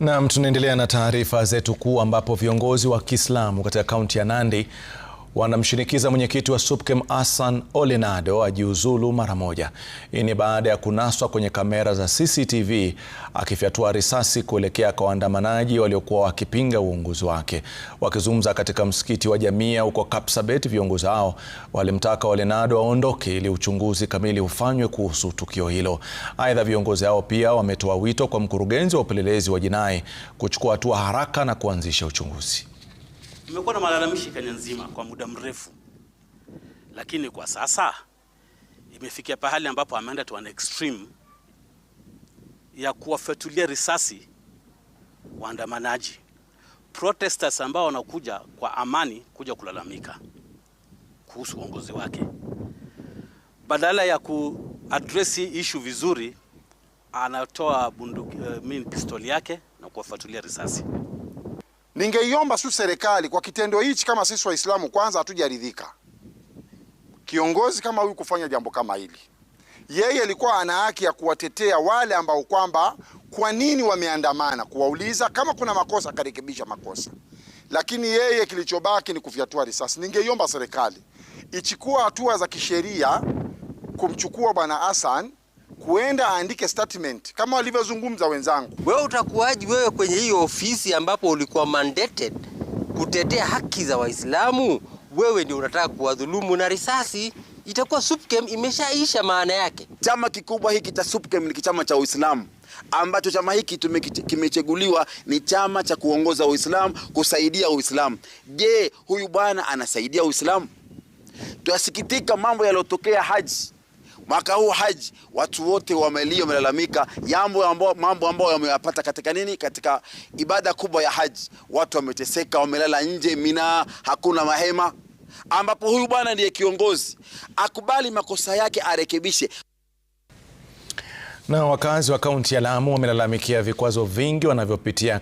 Naam, tunaendelea na taarifa zetu kuu ambapo viongozi wa Kiislamu katika kaunti ya Nandi wanamshinikiza mwenyekiti wa SUPKEM Hassan olenado ajiuzulu mara moja. Hii ni baada ya kunaswa kwenye kamera za CCTV akifyatua risasi kuelekea kwa waandamanaji waliokuwa wakipinga uongozi wake. Wakizungumza katika msikiti wa Jamia huko Kapsabet, viongozi hao walimtaka olenado aondoke ili uchunguzi kamili ufanywe kuhusu tukio hilo. Aidha, viongozi hao pia wametoa wito kwa mkurugenzi wa upelelezi wa jinai kuchukua hatua haraka na kuanzisha uchunguzi. Tumekuwa na malalamishi Kenya nzima kwa muda mrefu, lakini kwa sasa imefikia pahali ambapo ameenda to an extreme ya kuwafyatulia risasi waandamanaji protesters ambao wanakuja kwa amani kuja kulalamika kuhusu uongozi wake, badala ya address issue vizuri, anatoa bunduki, uh, eh, pistol yake na kuwafuatilia risasi. Ningeiomba su serikali kwa kitendo hichi, kama sisi Waislamu kwanza hatujaridhika kiongozi kama huyu kufanya jambo kama hili. Yeye alikuwa ana haki ya kuwatetea wale ambao kwamba kwa nini wameandamana, kuwauliza kama kuna makosa, akarekebisha makosa, lakini yeye kilichobaki ni kufyatua risasi. Ningeiomba serikali ichukua hatua za kisheria kumchukua bwana Hassan kuenda aandike statement kama walivyozungumza wenzangu. Wewe utakuwaje wewe kwenye hiyo ofisi ambapo ulikuwa mandated kutetea haki za Waislamu, wewe ndio unataka kuwadhulumu na risasi? Itakuwa SUPKEM imeshaisha maana yake. Chama kikubwa hiki cha SUPKEM ni chama cha Uislamu ambacho chama hiki kimechaguliwa ni chama cha kuongoza Uislamu, kusaidia Uislamu. Je, huyu bwana anasaidia Uislamu? Tunasikitika mambo yaliyotokea Haji Mwaka huu haji, watu wote wamelia, wamelalamika mambo ambayo ambayo wameyapata katika nini, katika ibada kubwa ya haji. Watu wameteseka, wamelala nje Mina, hakuna mahema, ambapo huyu bwana ndiye kiongozi, akubali makosa yake, arekebishe. Na wakazi wa kaunti ya Lamu wamelalamikia vikwazo vingi wanavyopitia